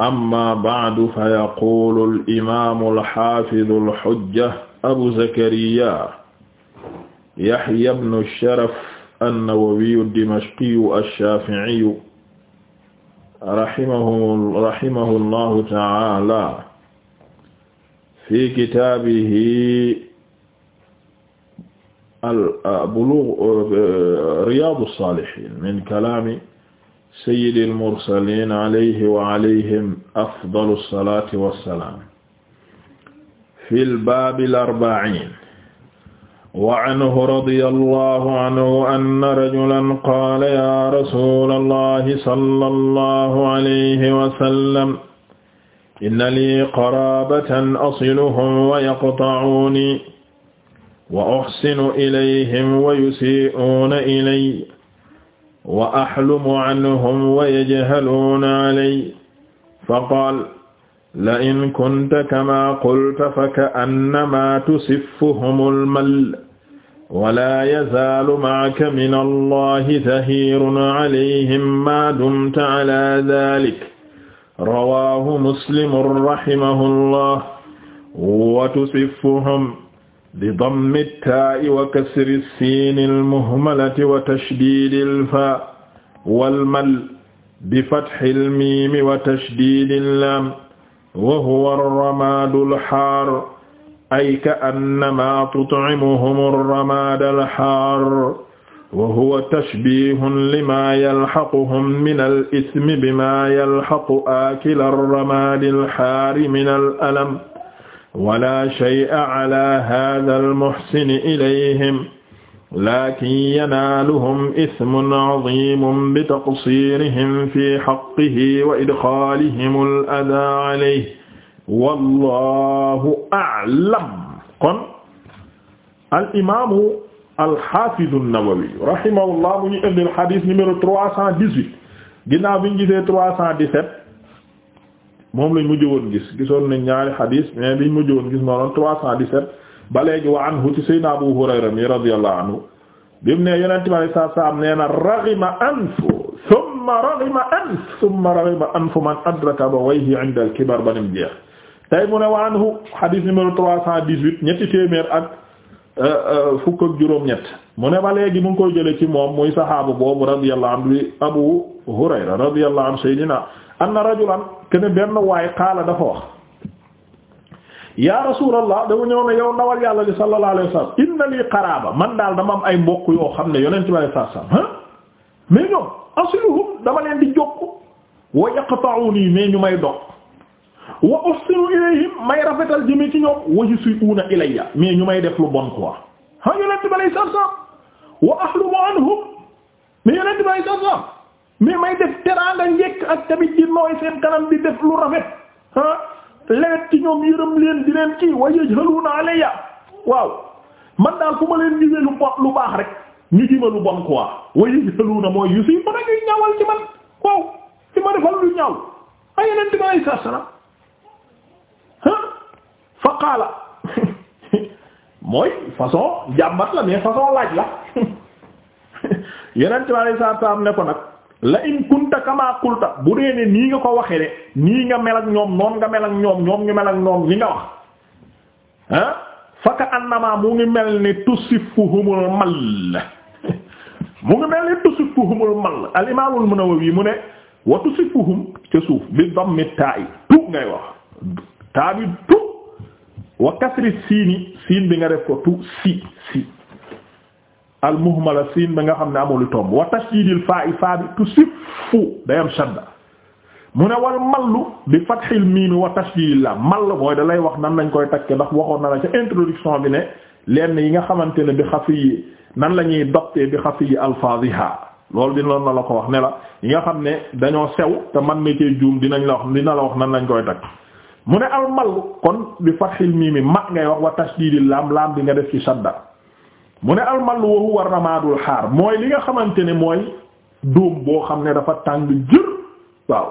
amma ba'du fa yaqulu al-imaamu al-haafidu al-hujja abu zakariya yahya ibnu sharaf an-nawawiyu ad-dimashqiyu ash-shaafi'iyu rahimahu rahimahu llahu ta'aala fi kitaabihi al-buluugh riyaadu as-saalihiin min kalaami sayyidil mursaliin alayhi wa alayhim afdalu salaati wa salaam. fil baabil arba'iin. wa anhu radiyallahu anhu anna rajulan qaala yaa rasuulallahi sallallahu alayhi wa sallam. inna lii qaraabatan asiluhum wa yaqta'uunii wa uhsinu ilayhim wa yusii'uuna ilayya. wa axlumu anhum wa yajhaluuna calay faqaal la in kunta kama qulta fakaannama tusiffuhumu almal wala yazaalu macaka min allahi zahiirun calayhim maa dumta calaa daalik rawaahu muslimun rahimahu llah wa tusiffuhum bi dammi taa'i wa kasri siini almuhmalati wa tashdiidi alfaa wal mal bi fatxi almiimi wa tashdiidi allaam wa huwa arramaadu alxaar ay ka'annamaa tut'imuhum arramaad alxaar wa huwa tashbiihun limaa yalxaquhum min al-ismi bimaa yalxaqu aakila arramaadi alxaari min al-alam wala shay'a ala hadha almuhsini ilayhim lakin yanaaluhum ismun azimun bitaqsirihim fi haqqihi wa idxaalihim al-adaa alayhi wallahu a'lam kon al'imamu alxafidu an-Nawawi rahimahullah mu ñu indil xadis numéro trois cent dix-huit ginnaaw bi ñu gisee trois cent dix-sept moom lañ mujj woon gis gisoon nañ ñaari xadiis mais liñ mujj woon gis moo doon trois cent dix-sept ba léegi wa anhu ci sayyidina Abu Hurayra mi radiyallahu anhu bimu ne yonente bi alei satu salaam nee na raghima anfu thumma raghima anf anfu man adraka abawayhi 'inda al-kibar banim jeex tey mu ne wa anhu xadiis numéro trois cent dix-huit ñetti téeméer ak euh, euh, fukk juróom ñett mu ne ba léegi koy jële ci moom muy saxaaba boobu radiyallahu anhu Abu Hurayra radiyallahu anna rajulan kenn benn waay qaala dafa wax yaa rasulallah dama ñëw ne yow ndawal yàlla li sallallahu alayhi wasallam inna lii qaraaba man daal dama am ay mboq yoo xam ne yonent bi sallallahu alayhi wasallam ah ñoom asiluhum dama leen di jokk wa yaqta'uni mais ñu may dox wa uhsinu ilayhim may rafetal jëme ci ñoom wa yusi'una ilayya mais ñu may def lu bon quoi ah yonent bi sallallahu alayhi wa ahlumu anhum mais yonent bi sallallahu alayhi mais may def teraanga njekk ak tamit di nooy seen kanam di def lu rafet ah, lewet ci ñoom yërëm leen di leen kii wa yajhaluna alayya waaw man daal fu ma leen gisee lu bo lu baax rek ñu ci ma lu bon quoi wa yajhaluna mooy yu si mën a ñuy ñaawal ci man waaw ci ma defal lu ñaaw ay yeneen di fa qaala mooy façon jàmbat la mais façon laaj la yeneen di ma ay sasana ne ko la in kunta kama qulta bu dee nii nga ko waxee de nii nga mel ak ñoom noon nga mel ak ñoom ñoom ñu mel ak ñoom li nga wax ah faka annama mu ngi mel ni tusifuhumul mal mu ngi mel ni tusifuhumul mal al imaamul mu ne wa tusifuhum ca suuf bi dammi taa yi tu ngay wax taa bi tu wa kasri siini siin bi nga def ko tu si si al muhmala siin ba nga xam ne amul tomb wa tashdidil faa'i faa bi tusiffu day am shadda mu ne war mallu bi fathil miim wa tashdidil la mall mooy da lay wax nan lañ koy takke ndax waxoon na la ca introduction bi ne lenn yi nga xamante ne bi xafi yi nan la ñuy doptee bi xafi yi alfaadiha loolu dina la la ko wax ne la yi nga xam ne dañoo sew te man na cee juum dinañ la wax dina la wax nan lañ koy takk mu ne aw mallu kon bi fathil miim ma ngay wax wa tashdidil laam laam bi nga def ci shadda mu ne almal wa huwa ramadul xaar mooy li nga xamante ne mooy doom boo xam ne dafa tàng jër waaw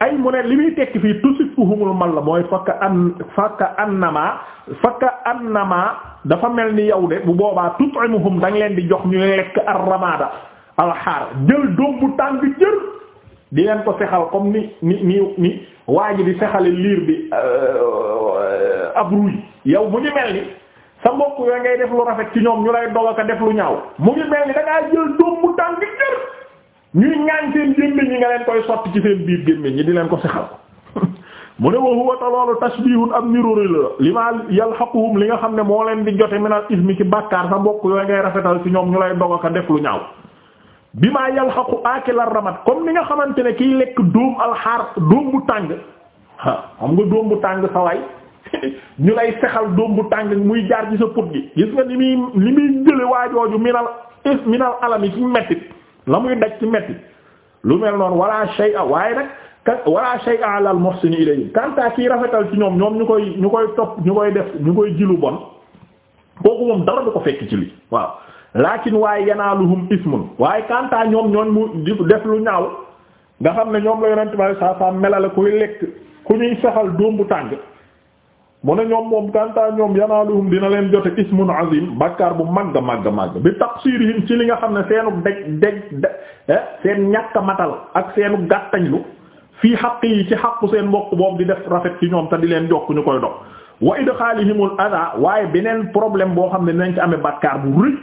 ay mu ne li muy tekki fii tusifuhumul mal la mooy fakka an fakka annama fakka annama dafa mel ni yow de bu boobaa tut'imuhum da nga leen di jox ñu lekk ar-ramada alxaar jël dóom bu tàng jër di leen ko sexal comme ni ni ni ni waa ji di sexale liir bi euh, euh, abruy yow bu ñu mel ni sa mbokk yooyu ngay def lu rafet ci ñoom ñu lay dog ak def lu ñaaw mu ngi mel ni da ngaa jël doom mu daan gi ñuy ñaan seen gémmiñ ñi nga leen koy sotti ci seen biir gémmiñ ñi di leen ko sexal mu ne wa huwa ta loolu tashbihun am nirori la li ma yalhaquhum li nga xam ne moo leen di jote minal ismi ci bàkkaar sa mbokk yooyu ngay rafetal ci ñoom ñu lay dog ak def lu ñaaw bi maa yalhaqu akil la ramad comme ni nga xamante ne kiy lekk dóom alxaar dóom bu tàng ah nga dóom bu tàng ñu lay sexal doom bu tàng muy jaar ci sa put gi gis nga li muy li muy jële waajooju minal minal alami ci mettit la muy daj ci mettit lu mel noonu wala shay'a waaye nag ka wala shay'a alal muhsini ilayhi kanta kii rafetal ci ñoom ñoom ñu koy ñu koy topp ñu koy def ñu koy jilu bon kooku moom dara du ko fekk ci li waaw lakin waaye yanaaluhum ismun waaye kanta ñoom ñoon mu def lu ñaaw nga xam ne ñoom la yonent bi saa saa melale kuy lekk ku ñuy sexal doom bu tàng mu ne ñoom moom kantaa ñoom yanaaluhum dina leen jote ismun azim bàkkaar bu màgg magg màgg bi taqsirihim ci li nga xam ne seenu deg deg de eh, seen ñàkk matal ak seenu gàttañlu fii xaq yi ci xaqu seen mbokk boobu di def rafet ci ñoom te di leen jokk ñu koy dox wa idxaalihimul ada waaye beneen problème boo xam ne nañ ci amee bàkkaar bu rëy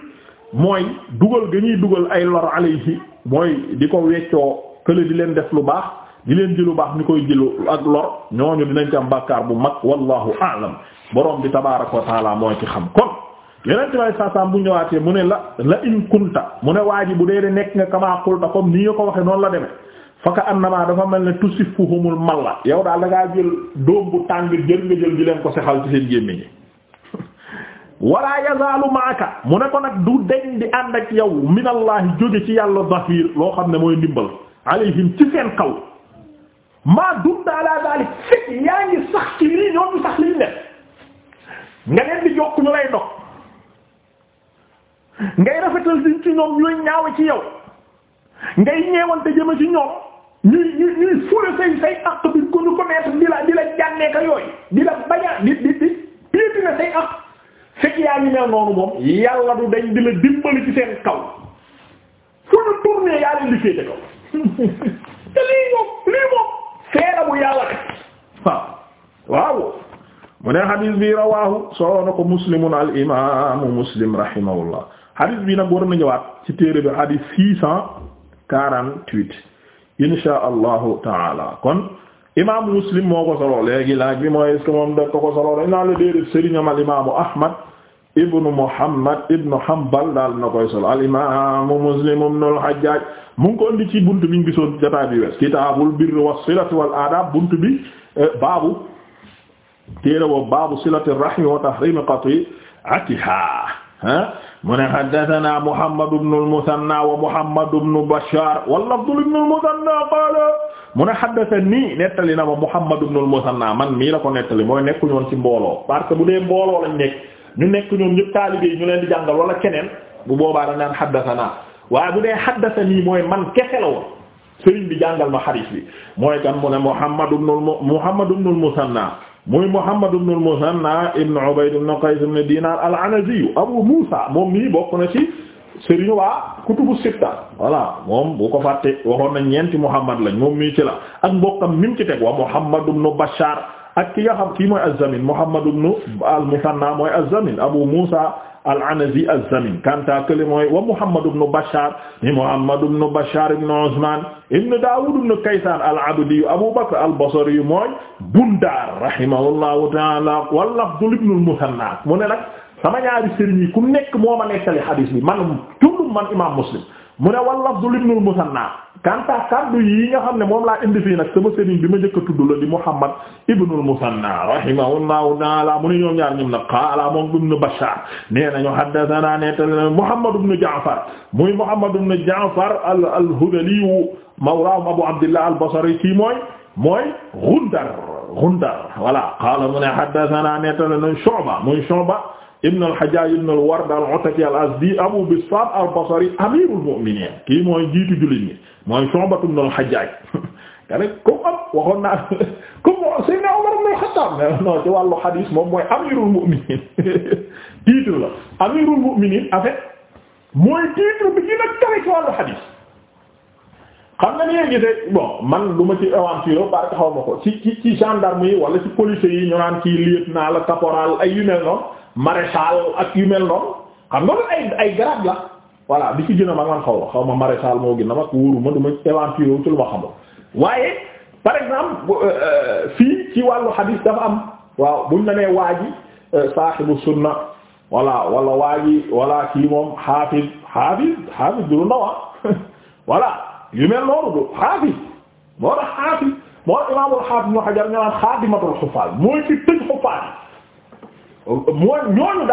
mooy dugal ga ñuy dugal ay lor alayhi mooy di ko weccoo kële di leen def lu baax di leen ji lu baax ñu koy ji ak lor ñooñu dinañ ci am bàkkaar bu mag wallahu a'lam borom bi tabaaraka wa taala moo ci xam kon yeneen may saasaam bu ñëwaatee mu ne la la in mu ne waa ji bu dee de nekk nga kamaa qulta comme nii nga ko waxee noonu la demee faka annama dafa mel ne tusifuhumul malla yow daal da ngaa jël doom bu tàng jël nga jël di leen ko sexal ci seen gémmiñ wala yazaalu maaka mu ne ko nag du deñ di ànd ak yow minallahi jóge ci yàlla zahir loo xam ne mooy ndimbal alayhim ci seen kaw maa dunda ala zalik fekk yaa ngi sax ci lii ñoom sax lii ne nga leen di jokk ñu lay dog ngay rafetal di ci ñoom ñooy ci yow ngay ñeewante jëme ci ñoom ñuy ñuy ñuy fure say say àq bi ko ñu ko mettre di la di la jànnee ka di la baña di di di di dimbali ci seen kaw fu ñu tourner yaa leen di féete kaw te lii moom lii moom feena bu yàlla teg waaw waaw mu ne xadis bi rawaahu solo na ko muslimun al imaamu muslim rahimahullah xadis bi nag war na ci téere bi xadis six cent quarante-huit insha allahu taala kon imaamu muslim moo ko solo léegi laaj bi mooy est moom da ko solo dañ naa la déedéet sëriñam al imaamu ahmad ibnu Muhammad ibnu Hanbal daal na koy sol al imaamu Muslim ibnu al-Hajjaj mu ngi ko indi ci buntu bi ñu gisoon jotaay bi wees kitaabul birri was-silati wal aadab buntu bi eh, baabu téere babu baabu silati rahmi wa tahrimi qati'atiha mu ne haddathana Muhammad ibnu al-Muthanna wa Muhammad ibnu Bashar wal-lafdu ibnu al-Muthanna qaala mu ne haddathani nettali na ma Muhammad ibnu al-Muthanna man mii la ko nettali mooy nekkuñu woon ci mbooloo parce que bu dee mbooloo lañ nekk ñu nekk ñoom ñëpp taalibe ñu leen di jàngal wala keneen bu boobaa dañ naan xaddasana waaye bu dee xaddasani mooy man kese la woon sëriñ bi jàngal ma xadiis bi mooy kan mu ne Muhammad ibnul Muhammad ibnul Musanna muy Muhammad ibnul Musanna ibn Ubayd ibn Qays ibn Dinar al-Anazi Abu Musa moom nii bokk na ci sëriñu waa kutubu sitta voilà moom bu ko fàtte waxoon na ñeenti Muhammad lañ moom mii ci la ak mbokkam mi mu ci teg wa Muhammad ibn Bashar ak ki nga xam kii mooy az-Zamin Muhammad ibn al-Musanna mooy az-Zamin Abu Musa al-Anazi az-Zamin kanta kële mooy wa Muhammad ibn Bashar ni Muhammad ibn Bashar ibn Usman ibn Dawud ibn Kaysan al-Abdi Abu Bakr al-Basri mooy Bundar rahimahullahu ta'ala wal lafz ibn al-Musanna mu ne nag sama ñaari sëriñ yi ku nekk moo ma nettali hadith bi man tullum man imam Muslim mu ne wal lafz ibn al-Musanna kanta kaddu yi nga xam ne moom laa indi fii nag sama sëriñ bi ma njëkk a tudd la di Muhammad ibnul Musanna rahimahullahu taala mu ne ñoom ñaar ñoom nag qaala moom ibn Bashar nee nañu haddathana netal Muhammad ibn Ja'far muy Muhammad ibn Ja'far al al-Hudali mawlaahum Abu Abdillah al-Basri kii mooy mooy Gundar Gundar voilà qaala mu ne haddathana netal Shu'ba muy Shu'ba ibn al-Hajjaj ibn al-Ward al-Ataki al-Azdi Abu Bistam al-Basri amirul mu'minin kii mooy jiitu jullit ñi mooy Shu'batu ibn al-Hajjaj nga ne comme waxoon naa comme Seydina Umar ibn al-Khattab non ci wàllu hadis moom mooy amirul mu'minin titre la amirul mu'minin en fait mooy titre bi gën a kawe ci wàllu hadis xam nga ni ngay gisee bon man du ma ci aventure parce que xaw ma ko ci ci ci gendarme yi wala ci policiers yi ñu naan ci lieutenant la caporal ay yu noonu maréchal ak yu mel noonu xam nga ay ay la. voilà bi ci gën a mag man xaw ma xaw ma maréchal moo gën a mag wóoru ma du ma éventurer wu ci lu ma xamul waaye par exemple euh, euh, fii ci wàllu xadiis dafa am waaw buñ la nee waa ji euh, saaxibu sunna voilà wala waa ji voilà kii moom xaafis xaafis xaafis ah. yu mel noonu du xaafis moo tax xaafis moo imaamul xaafis ñu xajar ñu naan xaadimatul xufaal mooy ci tëj xufaal mooy ñooñu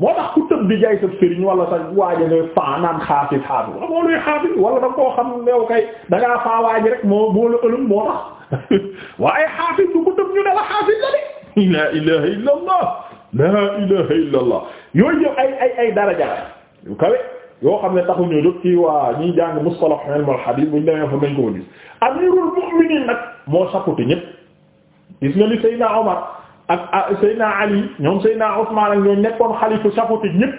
moo tax ku tëb di jaay sa sëriñ wala sa waaja ngay faa naan xaafis xaafis wala moo luy xaafis wala da koo xam new kay da ngaa faa waaji rek moo moo moo tax waaye xaafis du ko tëb ñu ne la xaafis la de la ilaha illa allah la daraja yu kawe yoo xam ne taxu ñu dëkk ci waa ñiy jàng mustalah ilmul hadith buñ demee fa mañ ko gis amirul mu'minin nag moo saputi ñëpp gis nga li Seydina Omar ak Ali ñoom Seyna Ousmane ak ñooñu nekkoon xalifu sapote ñëpp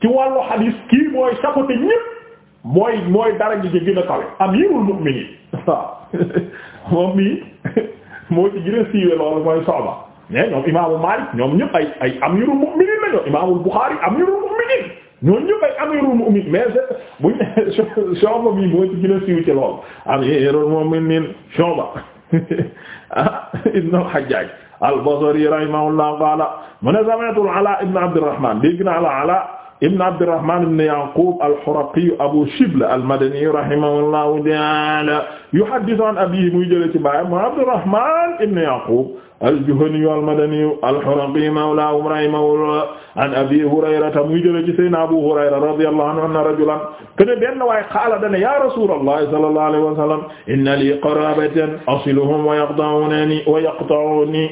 ci wàllu xadiis kii mooy sapote mooy mooy dara ji ci gën a kawe amirul mu'minin waaw moom a siiwee mooy Soba mais ñoom imaamu Maalik ñoom ñëpp ay ay amirul mu'minin la ñoom imaamul ay amirul mu'minin mais buñ Soba mii moo ci gën a siiw ci loolu amirul mu'minin Soba ah ibn al-Hajjaj al-Basri rahimahullah qaala mu ne sami'tu al-Alaa ibn Abdirrahmaan dégg naa al-Alaa ibn Abdirrahmaan ibn Yaquub al-Huraqiyu Abu Shibla al-Madaniyu rahimahullahu ta'aala yuhaddisu an abiihi muy jëlee ci baayam Abdirrahmaan ibn Yaquub al-Juhaniyu al-Madaniyu al-Huraqiyu mawlaahum rahimahullah an Abi Hurayrata muy jëlee ci Sayyidinaa Abu Hurayra radiyallahu anhu anna rajulan kaana benn waay qaala dana yaa Rasuulallahi sallallahu alayhi wa sallam inna lii qaraabatan asiluhum wa yaqta'uunanii wa yaqta'uunii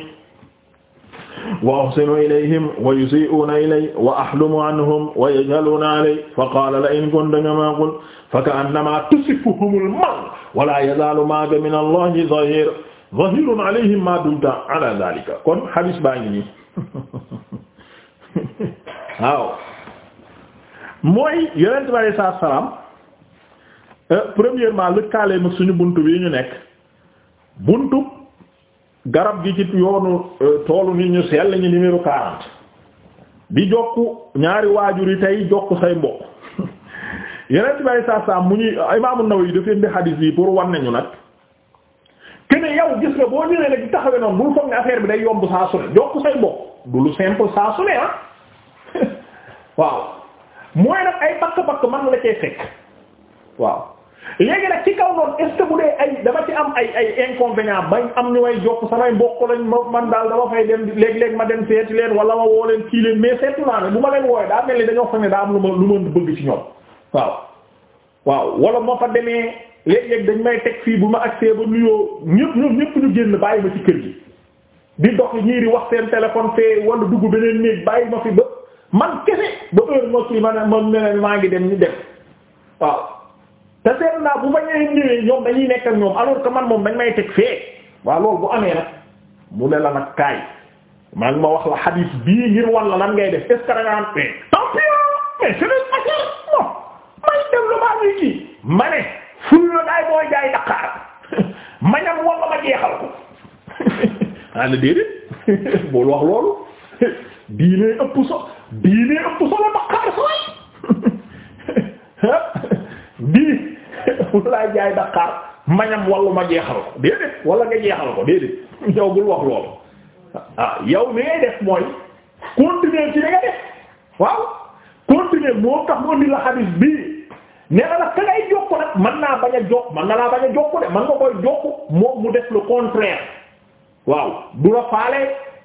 wa uhsinu ilayhim wa yusi'una ilay wa ahlumu anhum wa yajhaluna alay fa qala la in kunta kama qul fa ka'annama tusifuhumul mal wa la yazalu ma'aka min allahi zahir zahirun alayhim ma dumta ala dhalika kon hadis baa ngi nii waaw mooy yonent bi alayhi salaatu salaam euh, premièrement lëkkaale mag suñu bunt bi ñu nekk buntu garab gi ci yoonu euh, toolu nit ñu sell ñi numéro 40 bi jokk ñaari waajur yi tey jokk say mbokk yeneen bay saa saa mu ñuy Imaam An-Nawawi dafa indi hadith yi pour wan nañu nag kene yow gis nga boo ñëwee nag taxawee noonu bul foog ne affaire bi day yomb saa su ne jokk say mbokk du lu simple ne ah waaw mooy nag ay bakk-bakk man la cay fekk waaw. léegi nag ci kaw noonu est-ce que bu dee ay dama ci am ay ay inconvénient bañ am ñu may jopp samay mbokk lañ ma man daal dama fay dem léeg-léeg ma dem seeti leen wala ma woo leen kii leen mais seetu ne bu ma leen wooye daa mel ni dañoo fa ne daa am lu ma waaw wala moo fa demee léeg dañ may teg fii bu ma accès ba nuyoo ñëpp ñoom ñëpp ñu génn bàyyi ma ci kër gi di dox ñii di wax seen téléphone wala dugg beneen néeg ma fi ba man kese ba heure ma ne ma ne maa ngi dem ñu dem waaw te seetlu naa bu ma ñëwee ñëwee ñoom dañuy nekk ak ñoom alors que man moom dañ may teg fee waaw loolu bu amee nag mu ne la nag kaay man ma wax la xadiis bii ngir wan la lan ngay def est ce que da may dem lu maa ngi kii ma ful la daay booy jaay Dakar ma ñam ma jeexal ko ah déedéet bul wax loolu diine ëpp so diine ëpp solo Dakar sooy bii. bu laa jaay Dakar mañam wallu ma jeexal ko déedéet wala nga jeexal ko déedéet yow bul wax loolu ah yow mi ngay def mooy continuer ci li nga waaw continuer moo tax mu indi la xadis bii ne na nag ka ngay jokk nag man naa bañ a jokk mën na laa bañ a jokk de mën nga koy jokk moom mu def le contraire waaw du la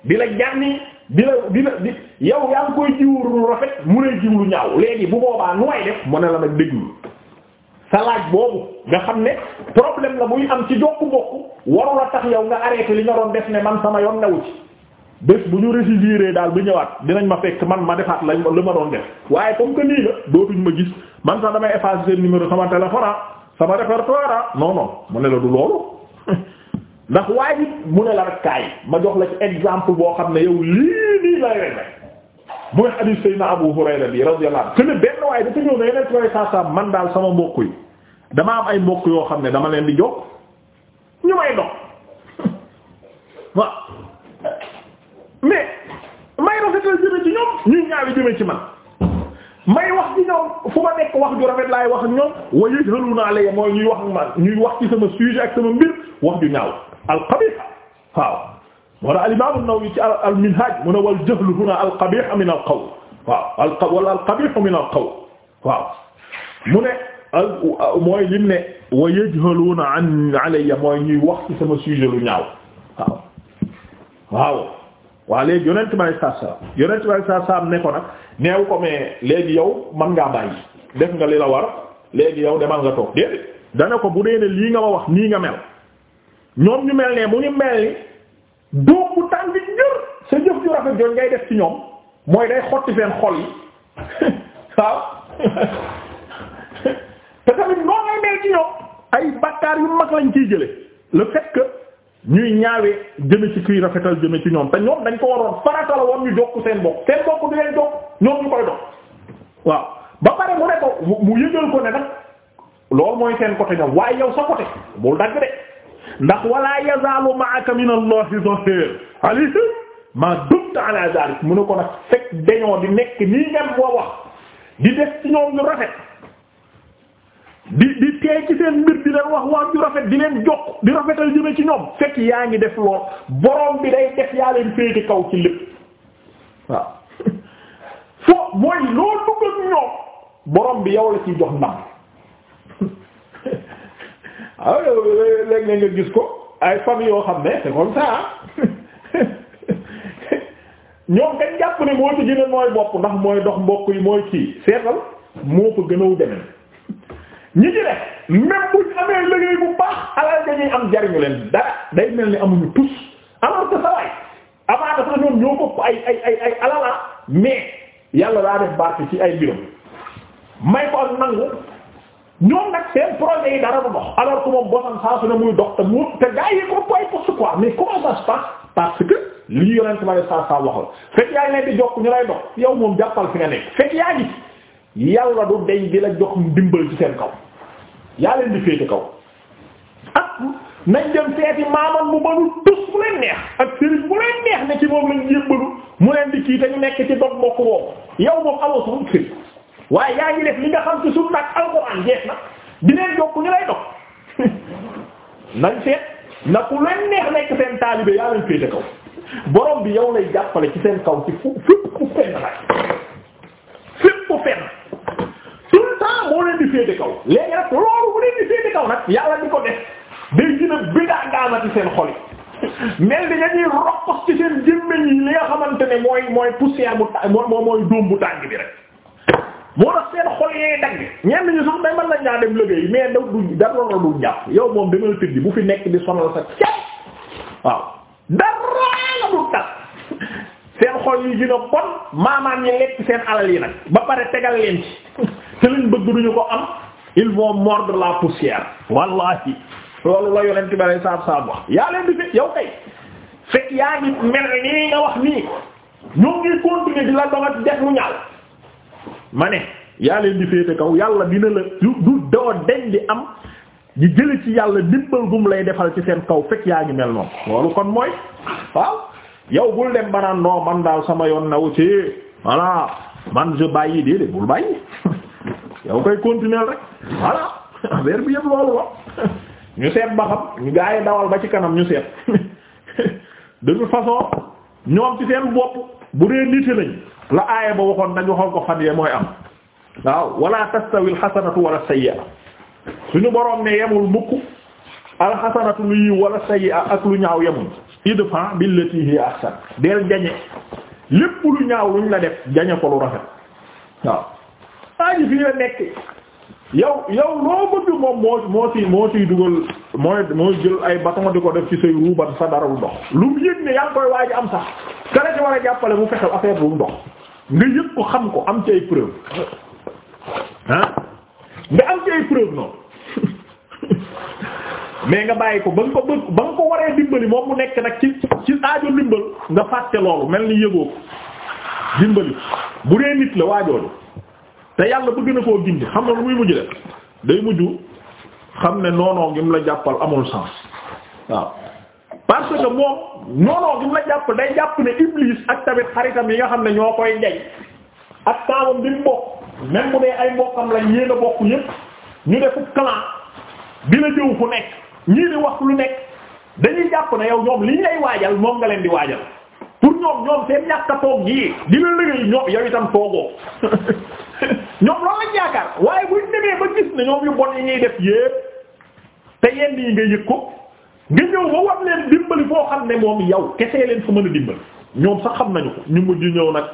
di la jànni di la di la di yow yaa ngi koy jiwu lu rafet mu ne jiw lu ñaaw léegi bu boobaa nooy def mu ne la nag déglu sa laaj boobu nga xam ne problème la muy am ci jokk mbokk waru la tax yow nga arrêté li nga doon def ne man sama yoon newu ci bés bu ñu réciviré daal bu ñëwaat dinañ ma fekk man ma defaat lañ li ma doon def waaye comme que nii la dootuñ ma gis man sax damay effacer seen numéro sama téléphone ah sama répertoire ah mu ne la du loolu ndax waaye mu ne la rek kaay ma jox la ci exemple boo xam ne yow lii nii lay rek mooy hadith Seydina Abu Hurayra bi radiyallahu anhu kenn benn waaye dafa ñëw ne yeneen ci saa saa man daal sama mbokk yi dama am ay mbokk yoo xam ne dama leen di jox ñu may dox waaw mais may rafetal jëme ci ñoom ñuy ñaawi jëme ci man may wax ci ñoom fu ma nekk wax ju rafet laay wax ak ñoom wa yajhaluna alayya mooy ñuy wax man ñuy wax ci sama sujet ak sama mbir wax ju ñaaw al-qabih waaw moo tax al-Imam ci al-Minhaj mu ne wal huna al-qabih min al-qawl waaw al wala min al-qawl waaw mu ne mooy lim ne wa yajhaluna an alayya mooy ñuy wax ci sama sujet lu ñaaw waaw waaw waaw léegi yonent may saa saa yonent ne ko nag neew ko mais léegi yow man ngaa bàyyi def nga li la war léegi yow demal nga toog déedéet dana ko bu dee ne lii nga ma wax nii nga mel ñoom ñu mel ne mu ngi mel doom bu tàng ñër sa jëf ju rafet jooju ngay def ci ñoom mooy day xotti seen xol yi waaw te tamit noo ngay mel ci ñoom ay bakkaar yu mag lañ ciy jële le fait que ñuy ñaawee jëme ci kuy rafetal jëme ci ñoom te ñoom dañ ko waroon farata woon ñu jokk seen bokk seen bokk du leen jokk ñoom ñu koy dox waaw ba pare mu ne ko mu yëgal ko ne nag loolu mooy seen côté ñoom waaye yow sa côté bul dagg de ndax wala yazaalu ma'aka min allahi zahir alayhim ma dumta ala mu ne ko nag fekk dañoo di nekk nii ngeen boo wax di def ci ñoom ñu rafet di di tey ci seen mbir di leen wax wax ju rafet di leen jokk di rafetal jëme ci ñoom fekk yaa ngi def lool borom bi day def yaa leen féete kaw ci lépp waaw fo mooy loolu dugg ñoom borom bi yow la ciy jox ndam ah léeg-léeg nga gis ko ay famille yoo xam ne c'est comme ça ah. ñoom dañ jàpp ne moo ci gën bopp ndax mooy dox mbokk yi mooy ci seetal moo ko gën a demee ñi ci def même bu ñu amee liggéey bu baax alal dañuy am jariñu leen dara day mel ni amuñu tus alors que sa waay avant dafa ñoom ñoo ko ay ay ay ay alala ah. yàlla daa def barke ci ay biram may ko ak nangu. ñoom nag seen projet yi dara du dox alors que moom bosam saa su ne muy dox te mu te gars yi ko koy pour quoi mais comment ça se passe parce que yonent ma ne saa saa wax la fekk yaa ngi yow moom jàppal fi nga nekk fekk yaa ngi yàlla du dey di la jox dimbal ci seen kaw yaa leen di féete kaw ak nañ dem seeti maaman mu mënul tus mu leen neex ak sëriñ mu leen neex ne ci moom lañ mu leen di kii te ñu nekk ci dog mbokk boobu yow moom amoo sax sëriñ waaye yaa ngi def li nga xam ci sunna ak alxuraan jeex na dineen jokk ñu lay dox nañ seet na ku leen neex nekk seen taalibe yaa leen féete kaw borom bi yow lay jàppale ci seen kaw ci fu fépp fu fenn la fépp fu fenn tout le temps moo leen di féete kaw léegi nag loolu bu leen di féete kaw nag yàlla di ko def day gën a bidaa ngaama ci seen xol yi mel ni dañuy rokkos ci seen gémmiñ yi li nga xamante ne mooy mooy poussière bu ta mooy mooy dóom bu tàng moo tax seen xol yee dagg ñenn ñu sax day mën nañ naa dem liggéey mais daw du dara du jàpp yow moom demal tëddi bu fi nekk di sonal sa cat waaw dara la du tas seen xol yi gën a bon maamaan ñi lekk seen alal yi nag ba pare tegal leen ci te liñ bëgg duñu ko am ils vont mordre la poussière wallahi loolu la yonent bi alei saatu salaam wax yaa leen di fi yow kay fekk yaa ngi mel nii nga wax nii ñoo ngi continuer di dogat def mu ñaaw mane ne yaa leen di féete kaw yàlla dina la du doo deñ di am di jële ci yàlla dimbal gum lay defal ci seen kaw fekk yaa gi mel noonu loolu kon mooy waaw yow bul dem ba naan man daal sama yoon naw ci voilà man je bàyyi déedéet bul bàyyi yow koy continuer rek voilà affaire bi yëpp loolu la ñu seet ba xam ñu gaa yi dawal ba ci kanam ñu seet de toute façon ñoom ci seen bopp bu dee nite lañ la aaya ba waxoon nañu waxoon ko fan yee mooy am waaw wala tastawi alxasanatu wala sayyi'a suñu boroom ne yemul mukk alxasanatu lu yiw wala sayyi'a ak lu ñaaw yemul idfa billati hiya ahsan del jañe lépp lu ñaaw luñ la def jañe ko lu rafet waaw aji fi la nekk yow yow loo bëgg moom moo moo ci moo ciy dugal mooy mooy jël ay bâton di ko def ci say ruuban sa dara lu dox lu mu yëg ne yaa ngi koy waaj am sax te la ci war a jàppale mu fexeel affaire bu mu dox nga yëg ko xam ko am ci ay preuve ah nga am ci ay preuve noonu mais nga bàyyi ko ba nga ko bëgg ba nga ko waree dimbali moom mu nekk nag ci ci aajo dimbal nga fàtte loolu mel ni yëgoo dimbali bu dee nit la waajooju te yàlla bëgg na koo gindi xam nga lu muy mujj def day mujj xam ne noonoo gi mu la jàppal amul sens waaw parce que moom noonoo gi mu la jàpp day jàpp ne iblis ak tamit xaritam yi nga xam ne ñoo koy njay ak taawam bi mu bokk même bu dee ay mbokkam lañ yéen a bokk yépp ñu defu clan di la jëw fu nekk ñii di wax lu nekk dañuy jàpp ne yow ñoom liñ lay waajal moom nga leen di waajal pour ñoom ñoom seen ñàkk toog gii di la liggéey ñoom yow itam toogoo ñoom loolu lañ yaakaar waaye buñ demee ba gis ne ñoom yu bon yi ñuy def yépp te yenn yi nga yëg ko nga ñëw ba war leen dimbali foo xam ne moom yow kesee leen fa mën a dimbali ñoom sax xam nañu ko ñu mujj ñëw nag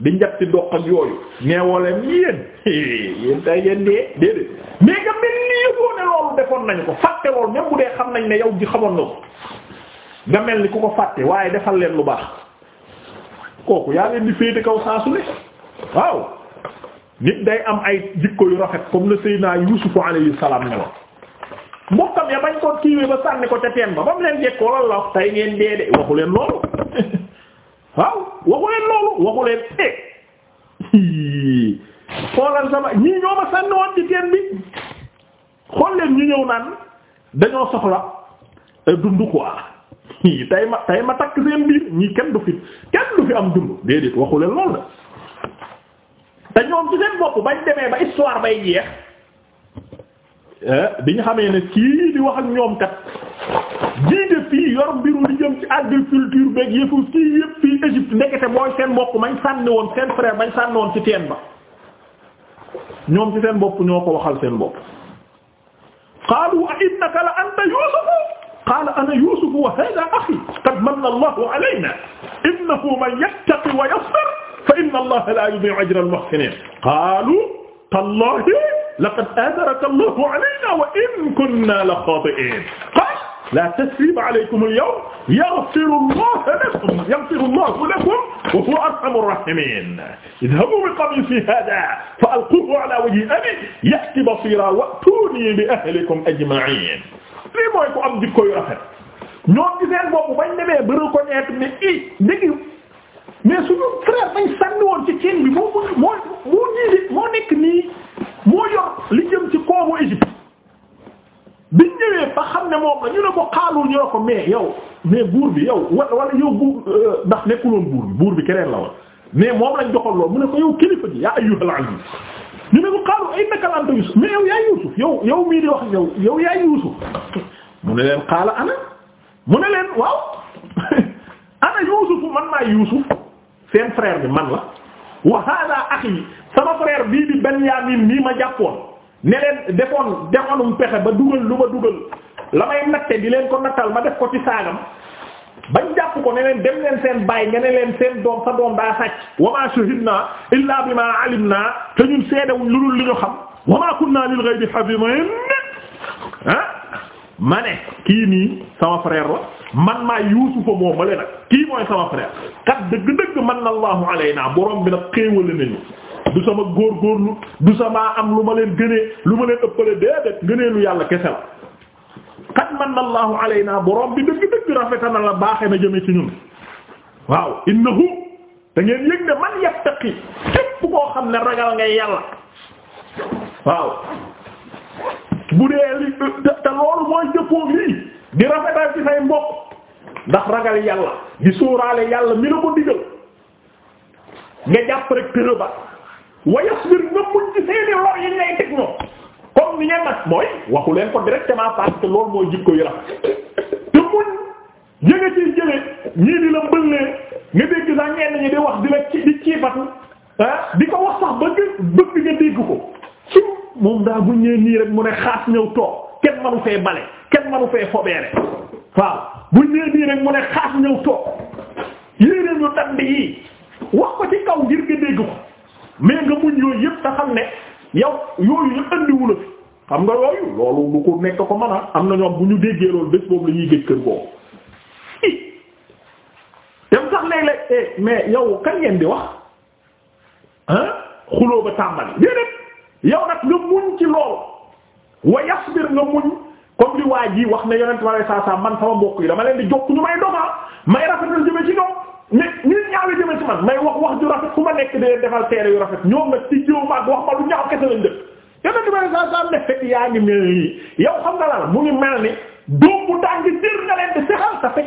di njatti doq ak yooyu neewoo leen yéen yéen tey yéen dee déedéet mais nga mel ni yëgoo loolu defoon nañu ko fàtte loolu même bu dee xam nañ ne yow ji xamoon na ko nga mel ni ku ko fàtte waaye defal leen lu baax kooku yaa leen di féete kaw nit day am ay jikko yu rafet comme le Seydina Yuusufu alayhi salaam ne woon mbokkam ya bañ ko kiiwee ba sànni ko ca teen ba ba mu leen jekkoo lan la wax tey ngeen dee de leen loolu waaw waxu leen eh. ma bi xool leen ñu ñëw naan dañoo soxla eh, dund tey ma ma takk seen biir ñii kenn du fi kenn du fi am dund déedéet waxu leen loolu la. te ñoom ci seen bopp bañ ba histoire bay jeex eh, ne kii di ak ñoom kat jiite fii yor mbiru li jëm ci agriculture beeg yëpp kii fii Égypte ndekete mooy seen mbokk mañ sànni woon seen frère mañ sànni woon ci teen ba ñoom ci seen bopp ñoo ko waxal seen bopp qaalu a innaka la anta yusufu qaala ana yusufu wa hada axi qad manna allahu alayna innahu man yattaqi wa yasbir fa inna allaha la yudhi'u ajra al-muhsinin qaalu tallahi laqad aadaraka allahu alayna wa in kunna la xaati'in qaal la tasriba alaykum al-yawm yaghfiru allahu lakum yaghfiru allahu lakum wa huwa arhamu rahimin idhabu bi qamisi hadha fa alquhu ala wajhi abi ya'ti basira wa'tuni bi ahlikum ajma'in lii mooy ku am jikko yu rafet ñoo giseen bopp bañ demee ba reconnaître ne i mais suñu a bañ sànni woon ci cin bi moo moo moo jiite moo nekk nii moo yor li jëm ci koomu Égypte biñ ñëwee ba xam ne moom la ñu ne ko xaalu ñu ne ko mais yow mais buur bi yow wala wala yow buur euh, ndax nekkuloon buur bi buur bi keneen la woon mais moom lañ lool mu ne ko yow kilifa ji yaa ayyuhal aziz ñu ne ko xaalu ay naka la Yusuf mais yow yaa Yusuf yow yow mii di wax yow yow yaa Yusuf mu ne leen xaala ana mu ne leen waaw ana Yusuf man maa Yusuf. seen frère bi man la wa hada akhi sama frère bii di Benyamin mii ma jàppoon ne leen defoon defoonum pexe ba dugal lu ma dugal la may natte di leen ko nattal ma def ko ci saagam ba jàpp ko ne leen dem leen seen baay nga ne leen seen doom sa doom daa sàcc wa ma shahidna illa bima alimna te ñun seedewuñ lu dul li ñu xam wa ma kunna lil ghaybi hafizin ah ma ne kii nii sama frère la man maa yuusufa moom ma le nag kii mooy sama frère kat dëgg-dëgg man na allahu alayna borom bi nag xéewale nañu du sama góorgóorlu du sama am lu ma leen gënee lu ma leen ëppale déedéet gëneelu yàlla kese la kat man na allahu alayna borom bi dëgg-dëgg rafeta la baaxe na jëme ci ñun waaw innahu da ngeen yëg ne man yattaqi képp koo xam ne ragal ngay yàlla waaw bu dee li te loolu mooy jëppoo lii di rafetal ci say mbokk ndax ragal yàlla di suuraale yàlla mi la ko digal nga jàpp rek tërë ba wa yasbir nga muñ ci seeni lor yi ngay teg ñoom comme ni ngeen nag mooy waxu leen ko directement parce que loolu mooy jikko yi la te muñ ya nga ciy ñii di la mbëllee nga dégg sax ñenn ñi di wax di la ci di ciibatu ah di ko wax sax ba nga bëgg nga dégg ko ci moom daa bu ñëwee nii rek mu ne xaas ñëw toog kenn manu fee bale kenn manu fee fobeere waaw buñ nee nii mu ne xaas ñëw toog yéeréer ñu tànn yii wax ko ci kaw ngir nga dégg ko mais nga muñ yooyu yëpp ta xam ne yow yooyu yëpp andiwu fi xam nga yooyu loolu lu ko nekk ko mën a am na ñoom bu ñu déggee loolu bés boobu la ñuy géej kër boobu. dem sax léeg-léeg eh, mais yow kan ngeen di wax ah xuloo ba tàmbali déedéet yow nag nga muñ ci loolu. wa yasbir nga muñ comme li waa ji wax ne yonent wala saa saa man sama mbokk yi dama leen di jokk ñu may doga may rafetal jëme ci ñoom mais ñu ñaawe jëme ci man may wax wax ju rafet fu ma nekk di defal teere yu rafet ñoom nag ci jiw ma ak wax ma lu ñaaw kese lañ def yonent wala saa saa ne fekk yaa ngi mel nii yow xam nga lan ni doom bu daan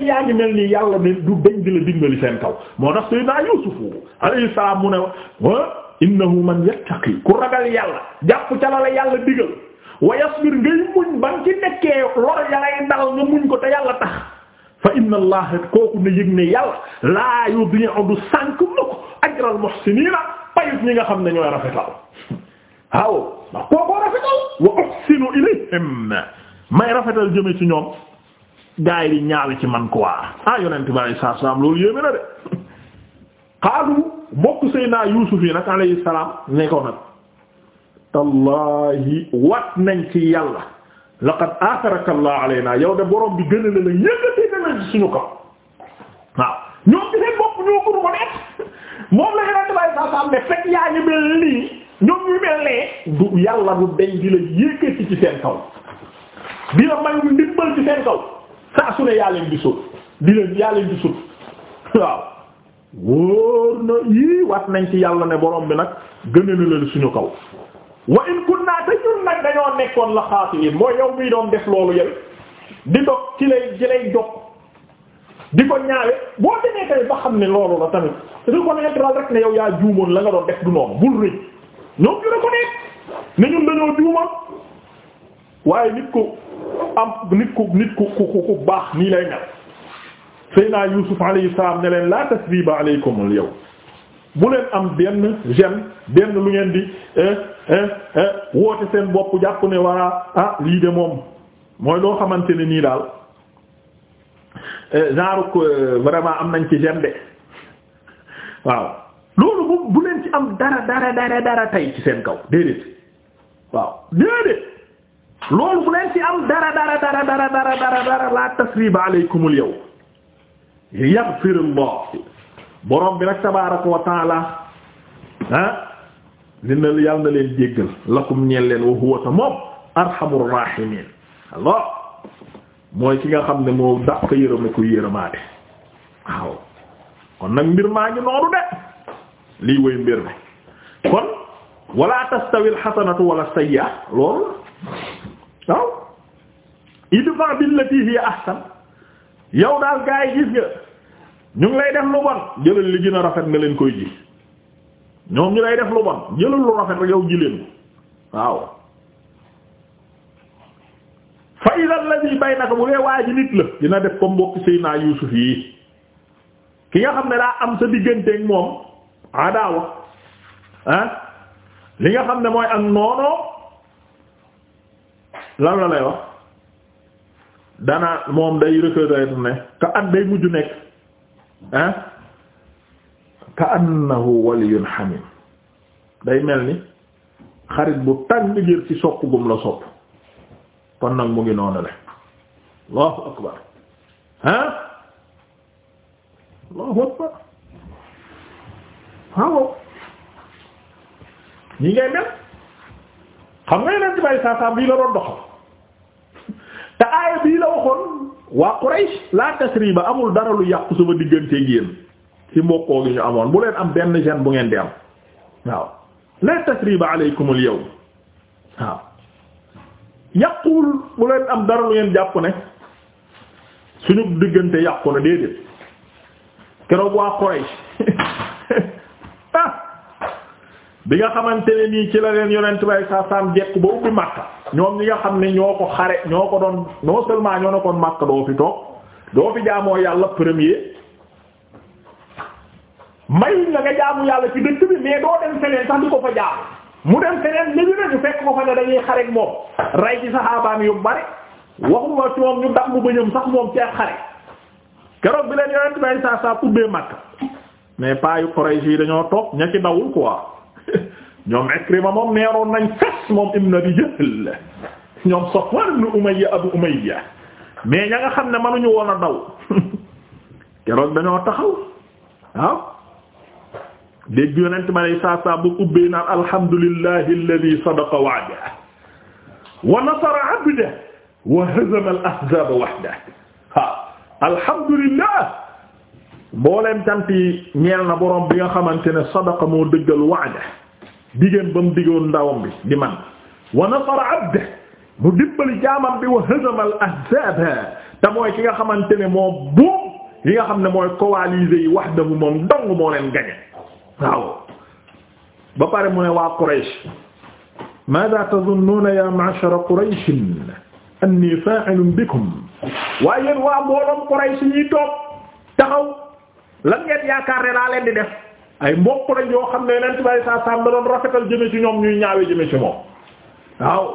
yaa ngi mel nii yàlla ne du dañ di la dimbali seen kaw moo tax Seydina Yuusufu alayhi salaam mu ne innahu man yattaqi ku ragal yàlla jàpp ca la la yàlla wa yasbir ngay muñ ba nga ci nekkee lor ya dal nga muñ ko te yàlla tax fa inna allah kooku ne yëg ne yàlla laa yudi'u du sànk mukk ajral muhsiniina payut ñi nga xam ne ñooy rafetal waaw ndax kookoo rafetal wa uhsinu ilayhim may rafetal jëme ci ñoom gaay di ñaawi ci man quoi ah yonent bi alayhi salaam loolu yéeme na de xaalu bokk Seydina Yuusuf nag alayhi salaam ne ko tallaahi wat nañ ci yàlla laqad atharaka allah alaynaa yow de borom bi gën la la yëkkati na la suñu kaw waaw ñoom ci seen bopp la yeneen tubaab yi yàlla du di la yëkkati wat nañ ci yàlla borom bi nag gën a la la suñu kaw. wa in kunna te nag dañoo nekkoon la xaasiin mooy yow mii doon def loolu yël di dog ci lay ci lay dog di ko ñaawe boo demee tay ba xam ne loolu la tamit reconnaître rek ne yow yaa juumoon la nga doon def du noonu bul rëy ñoom ñu reconnaître ne ñun dañoo juumoon waaye nit ku am nit ku nit ku ku ku baax nii lay mel Seydina Yuusuf alayhi salaam ne leen la tasriba alaykum al bu leen am benn gêne benn lu ngeen di eh, woote seen bopp jàpp ne wara ah lii de moom mooy loo xamante ne nii daal eh, genre euh, vraiment am nañ ci jembe waaw loolu bu bu leen ci am dara dara dara dara ci seen kaw déedéet waaw déedéet loolu bu leen ci am dara dara dara dara dara dara dara alaykumul yow yaghfirullah borom bi nag tabaaraka wa taala ah, dina yàlla na leen jéggal lakum ñeel leen wa huwa ta moom arhamur rahimin Allah mooy ki nga xam ne moo dàq yërëme ko yërëmaate waaw kon nag mbir maa ngi nooru de lii woy mbir mi kon wala tastawi alxasanatu wala sayyi'a loolu waaw idfa billati hiya ahsan yow daal gaa yi gis nga ñu ngi lay def lu bon jëlal li gën a rafet nga leen koy ji ñoom ñu lay def lu bon jëlal lu rafet rek yow jileen waaw la ida alladhi baynaka bu dee waa ji nit la dina def comme mbokki Seydina Yuusuf yi ki nga xam ne daa am sa digganteeg moom adaawa ah li nga xam ne mooy am noonoo lan la lay wax dana moom day recruter ne ka at day mujj nekk ah ka annahu waliyun hamim day mel ni xarit bu tàng jër ci sopp gum la sopp kon mu ngi noonu le allahu akbar ah allahu akbar waaw ñi ngay mel xam nga yeneen tibay saasaam bii la doon doxal te aaya bii la waxoon waa Quraysh la tasriba amul dara lu yàqu sama diggante yéen ci mbokkoo gi ñu amoon bu leen am benn gene bu ngeen di am waaw la tasriba alaykum al waaw yàquwul bu leen am dara lu ngeen jàpp ne suñu diggante yàqu na déedéet keroog waa Quraysh ah bi nga xamante ne nii ci la leen yonent bay saa saam jekk ba ubbi Makka ñoom ñi nga xam ne ñoo ko xare ñoo ko doon non seulement ñoo koon Makka doo fi toog doo fi jaamoo yàlla premier mayuñ la nga jaamu yàlla ci dëkk bi mais doo dem feneen sax di ko fa jaamu mu dem feneen léegi nag ñu fekk ko fa ne dañuy xareek moom rey ci saxaabaam yu bari waxuma ci moom ñu damm bëñëm sax moom ci xare keroog bi leen yonent bay saa saa ubbee mais pas yu Quraysh yi dañoo toog ña ci dawul quoi ñoom Ikrima moom neeroon nañ fes moom ibn Abi Jahl ñoom Safwan ibn Umayya Abu Umayya mais ña nga xam ne mënuñu woon a daw keroog dañoo taxaw dégg yonent ma ne saa saa bu ubbee naan alhamdulillahi alladhi sadaqa wa nasara 'abdahu wa hazama al-ahzaba wahdahu ha alhamdulillah mbooleem cant yi na borom bi nga xamante ne sadaqa moo dëggal wa'da diggéen ba mu diggoon ndawam bi di man wa nasara 'abdahu mu dibbali jaamam bi wa hazama al-ahzaba mooy ki nga xamante ne moo buum yi xam ne mooy coalisé yi wahdahu dong moo leen gañe waaw ba pare mu ne waa Quraysh maada tadunnuuna ya ma'shara Quraysh anni fa'ilun bikum waaye yéen waa mbooloom Quraysh ñi toog taxaw lan ngeen yaakaar ne laa leen di def ay mbokk lañ yoo xam ne Yonent bi saa saa da doon rafetal jëme ci ñoom ñuy ñaawe jëme ci moom waaw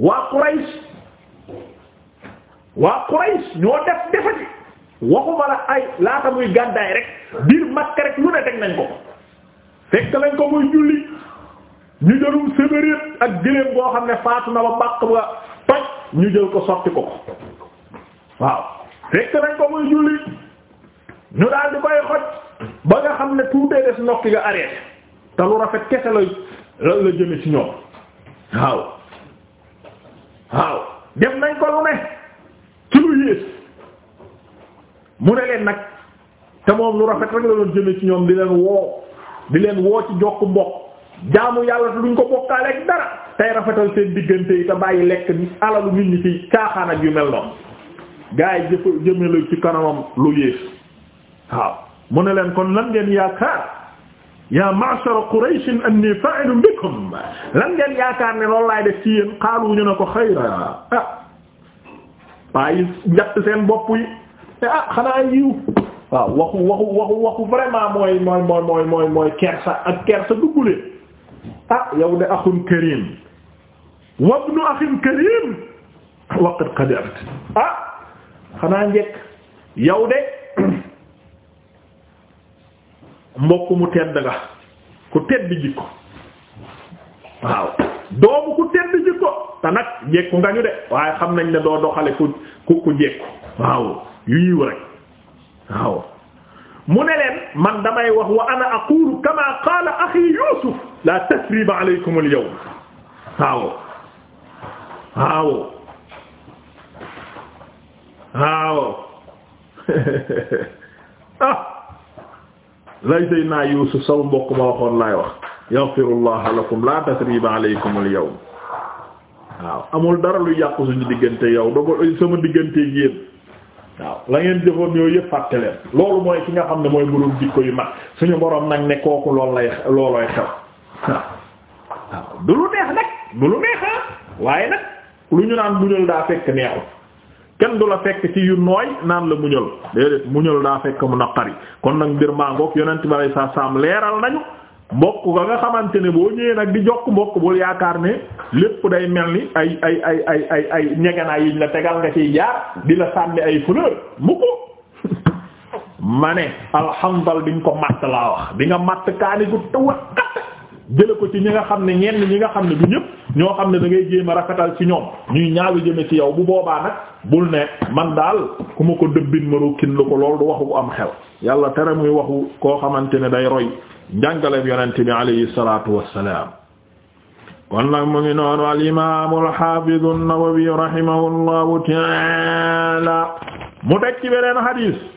waa Quraysh waa Quraysh ñoo def defati waxuma la ay laata muy gàndaay rek biir Makka rek lu ne teg nañ ko ko fekk nañ ko muy julli ñu jëlum sébaréet ak gëléem boo xam ne faatu na ba bàq ba toj ñu jël ko sotti ko ko waaw fekk nañ ko muy julli ñu dal di koy xoj ba nga xam ne tuutee des nokki nga arrêté te lu rafet kese la la jëme ci ñoom waaw waaw def nañ ko lu ne ci lu mu ne leen nag te moom lu rafet rek la doon jëme ci ñoom di leen woo di leen woo ci jokk mbokk jaamu yàlla te duñ ko bokkaale ak dara tey rafetal seen diggante yi te bàyyi lekk bi alalu nit ñi ci caaxaan ak yu mel noonu gaa yi jëfa jëme ci kanamam lu yées waaw mu ne leen kon lan ngeen yaakaar yaa ma'shar Quraysh anni fa'ilun bikum lan ngeen yaakaar ne loolu laay def ci yéen xaalu ñu ne ko xayra ah bàyyi njatt seen bopp ah xanaa yiw waaw waxu waxu waxu waxu vraiment mooy mooy mooy mooy mooy mooy kersa ak kersa duggulee ah yow de axun karim wabnu axin karim waqad qadirt ah xanaa njëkk yow de mbokk mu tedd nga ku tedd jikko waaw doomu ku tedd jikko te nag jekku nga ñu de waaye xam nañ ne doo doxale ku ku ku jekku waaw yu yiw rek waaw man damay wax wa ana aqulu kama qaala axi yusuf la tasriba alaykum al yawm waaw waaw waaw ah. naa yusuf sama mbokk ma waxoon laay wax yaghfirullah lakum la tasriba alaykum al amul dara lu yàqu suñu diggante yow dogal sama diggante waaw la ngeen jëfoon yooyu yëpp fàtte leen loolu mooy ki nga xam ne mooy burul jikko yu mag suñu boroom nag ne kooku loolu lay loolooy xew du lu neex nag du lu neex ah waaye nag lu ñu naan muñal daa fekk neexul kenn du la fekk ci yu nooy naan la muñal déedéet muñal daa fekk mu naqari kon nag mbir maa ngoog yonent bi sallallahu alayhi leeral nañu mbokk ga nga xamante ne boo ñëwee nag di jokk mbokk bul yaakaar ne lépp day mel ni ay ay ay ay ay ay ñeganaay yiñ la tegal nga ciy jaar di sànni ay fleur mu ko ma ne alhamdal di nga ko matt laa wax di nga matt kaani gu tëwa xat jële ko ci ñi nga xam ne ñenn ñi nga xam ne du ñëpp ñoo xam ne da ngay jéem a rafetal ci ñoom ñuy ñaawi jëme ci yow bu boobaa nag bul ne man daal ku ma ko dëbbin ma kin lu ko loolu du waxu bu am xel yàlla tere muy waxu koo xamante ne day roy njàngaleem yonent bi alayhi salaatu wassalaam kon nag mu ngi noonu al imaamu al xaafidu an-Nawawi rahimahullahu taala mu teg ci beneen xadiis